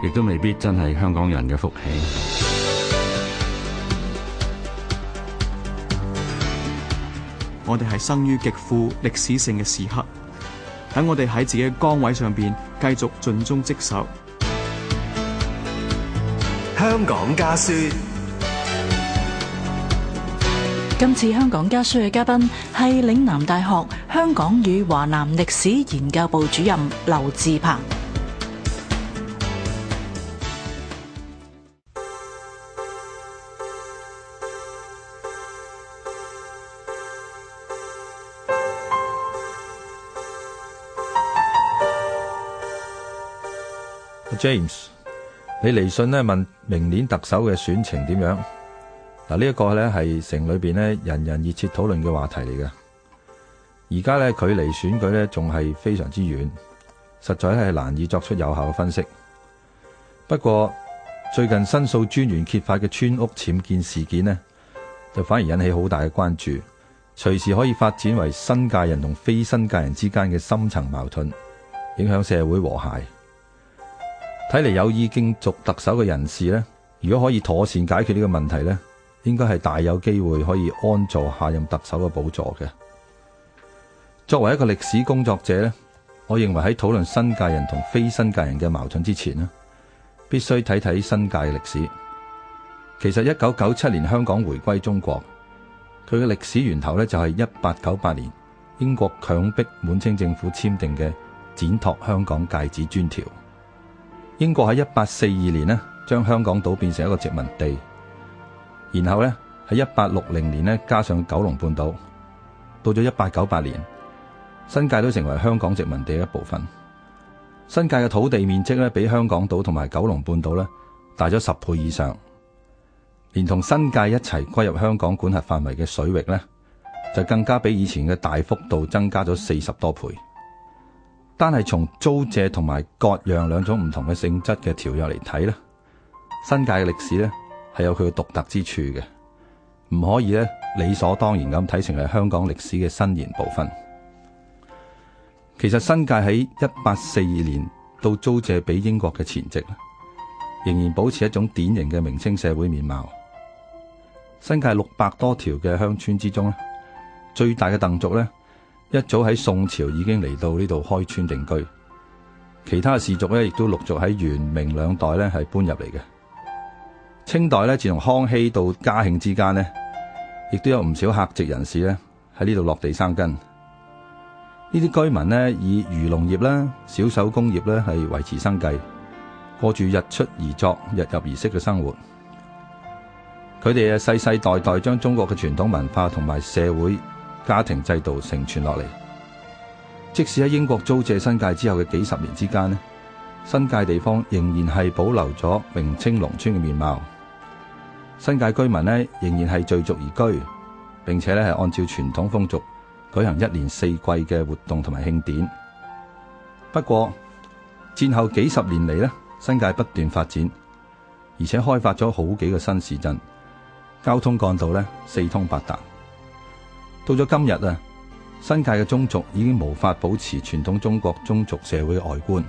亦都未必真係香港人嘅福氣。我哋係生於極富歷史性嘅時刻，等我哋喺自己嘅崗位上邊繼續盡忠職守。香港家書。今次香港家書嘅嘉賓係嶺南大學香港與華南歷史研究部主任劉智鵬。James，你嚟信呢，問明年特首嘅選情點樣？嗱，呢一個呢係城裏邊人人熱切討論嘅話題嚟嘅。而家呢，距離選舉呢仲係非常之遠，實在係難以作出有效嘅分析。不過，最近申訴專員揭發嘅村屋僭建事件呢，就反而引起好大嘅關注，隨時可以發展為新界人同非新界人之間嘅深層矛盾，影響社會和諧。睇嚟有意競逐特首嘅人士呢，如果可以妥善解決呢個問題呢，應該係大有機會可以安坐下任特首嘅寶座嘅。作為一個歷史工作者呢，我認為喺討論新界人同非新界人嘅矛盾之前呢，必須睇睇新界歷史。其實一九九七年香港回歸中國，佢嘅歷史源頭呢，就係一八九八年英國強迫滿清政府簽訂嘅《展拓香港界址專條》。英國喺一八四二年咧，將香港島變成一個殖民地，然後呢喺一八六零年呢加上九龍半島，到咗一八九八年，新界都成為香港殖民地的一部分。新界嘅土地面積咧，比香港島同埋九龍半島咧大咗十倍以上，連同新界一齊歸入香港管轄範圍嘅水域呢就更加比以前嘅大幅度增加咗四十多倍。單係從租借同埋割讓兩種唔同嘅、性質嘅條約嚟睇咧，新界嘅歷史咧係有佢嘅獨特之處嘅，唔可以咧理所當然咁睇成係香港歷史嘅伸延部分。其實新界喺一八四二年到租借俾英國嘅前夕仍然保持一種典型嘅明清社會面貌。新界六百多條嘅鄉村之中咧，最大嘅鄧族呢一早喺宋朝已經嚟到呢度開村定居，其他氏族咧亦都陸續喺元明兩代咧係搬入嚟嘅。清代咧，自從康熙到嘉慶之間呢，亦都有唔少客籍人士咧喺呢度落地生根。呢啲居民呢，以漁農業啦、小手工業咧係維持生計，過住日出而作、日入而息嘅生活。佢哋啊世世代代將中國嘅傳統文化同埋社會。家庭制度承傳落嚟，即使喺英國租借新界之後嘅幾十年之間呢，新界地方仍然係保留咗明清農村嘅面貌，新界居民呢，仍然係聚族而居，並且咧係按照傳統風俗舉行一年四季嘅活動同埋慶典。不過戰後幾十年嚟，呢新界不斷發展，而且開發咗好幾個新市鎮，交通幹道呢，四通八達。到咗今日啊，新界嘅宗族已經無法保持傳統中國宗族社會嘅外觀。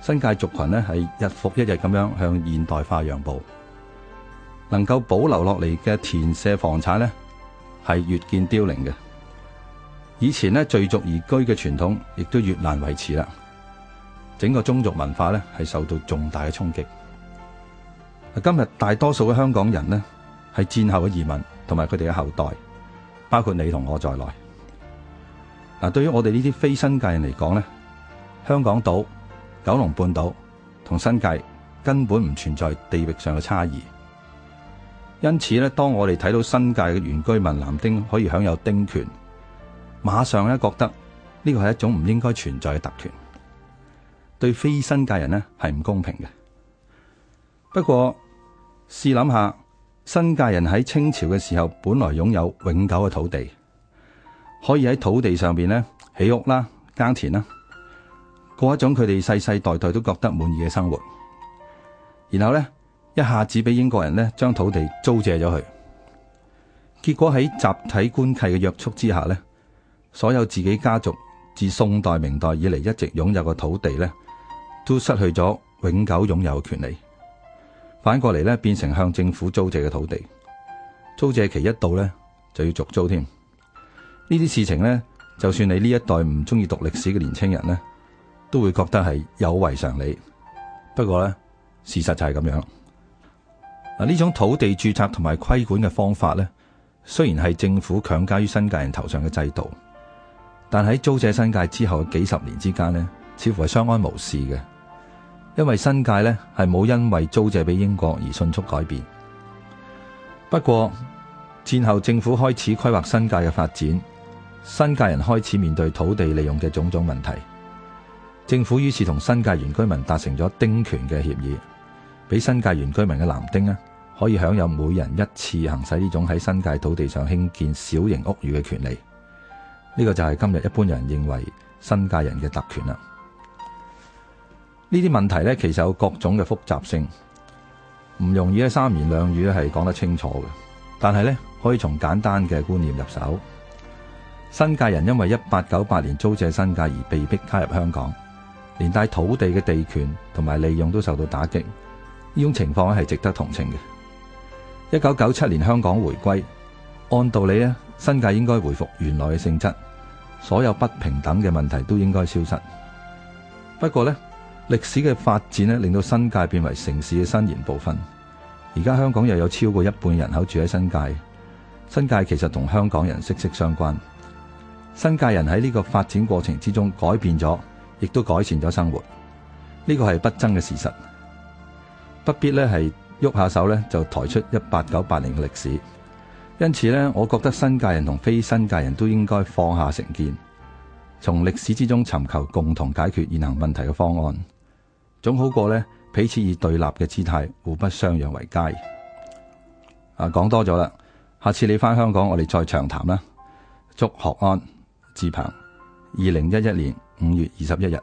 新界族群咧係日復一日咁樣向現代化讓步，能夠保留落嚟嘅田舍房產咧係越見凋零嘅。以前咧聚族而居嘅傳統亦都越難維持啦。整個宗族文化咧係受到重大嘅衝擊。今日大多數嘅香港人咧係戰後嘅移民同埋佢哋嘅後代。包括你同我在內，嗱，對於我哋呢啲非新界人嚟講呢，香港島、九龍半島同新界根本唔存在地域上嘅差異。因此咧，當我哋睇到新界嘅原居民男丁可以享有丁權，馬上咧覺得呢個係一種唔應該存在嘅特權，對非新界人呢係唔公平嘅。不過試諗下。新界人喺清朝嘅時候，本來擁有永久嘅土地，可以喺土地上邊咧起屋啦、耕田啦，過一種佢哋世世代代都覺得滿意嘅生活。然後咧，一下子俾英國人咧將土地租借咗佢，結果喺集體官契嘅約束之下咧，所有自己家族自宋代、明代以嚟一直擁有嘅土地咧，都失去咗永久擁有嘅權利。反過嚟咧，變成向政府租借嘅土地，租借期一到咧，就要續租添。呢啲事情呢，就算你呢一代唔中意讀歷史嘅年青人呢，都會覺得係有違常理。不過呢，事實就係咁樣。嗱，呢種土地注冊同埋規管嘅方法呢，雖然係政府強加於新界人頭上嘅制度，但喺租借新界之後嘅幾十年之間呢，似乎係相安無事嘅。因為新界呢係冇因為租借俾英國而迅速改變，不過戰後政府開始規劃新界嘅發展，新界人開始面對土地利用嘅種種問題，政府於是同新界原居民達成咗丁權嘅協議，俾新界原居民嘅男丁呢可以享有每人一次行使呢種喺新界土地上興建小型屋宇嘅權利，呢、這個就係今日一般人認為新界人嘅特權啦。呢啲問題呢，其實有各種嘅複雜性，唔容易咧三言兩語咧係講得清楚嘅。但係呢，可以從簡單嘅觀念入手。新界人因為一八九八年租借新界而被迫加入香港，連帶土地嘅地權同埋利用都受到打擊，呢種情況咧係值得同情嘅。一九九七年香港回歸，按道理呢，新界應該回復原來嘅性質，所有不平等嘅問題都應該消失。不過呢。歷史嘅發展呢，令到新界變為城市嘅新然部分。而家香港又有超過一半人口住喺新界，新界其實同香港人息息相關。新界人喺呢個發展過程之中改變咗，亦都改善咗生活。呢個係不爭嘅事實，不必呢係喐下手呢就抬出一八九八年嘅歷史。因此呢，我覺得新界人同非新界人都應該放下成見，從歷史之中尋求共同解決現行問題嘅方案。總好過呢，彼此以對立嘅姿態，互不相讓為佳。啊，講多咗啦，下次你翻香港，我哋再長談啦。祝學安志鵬，二零一一年五月二十一日。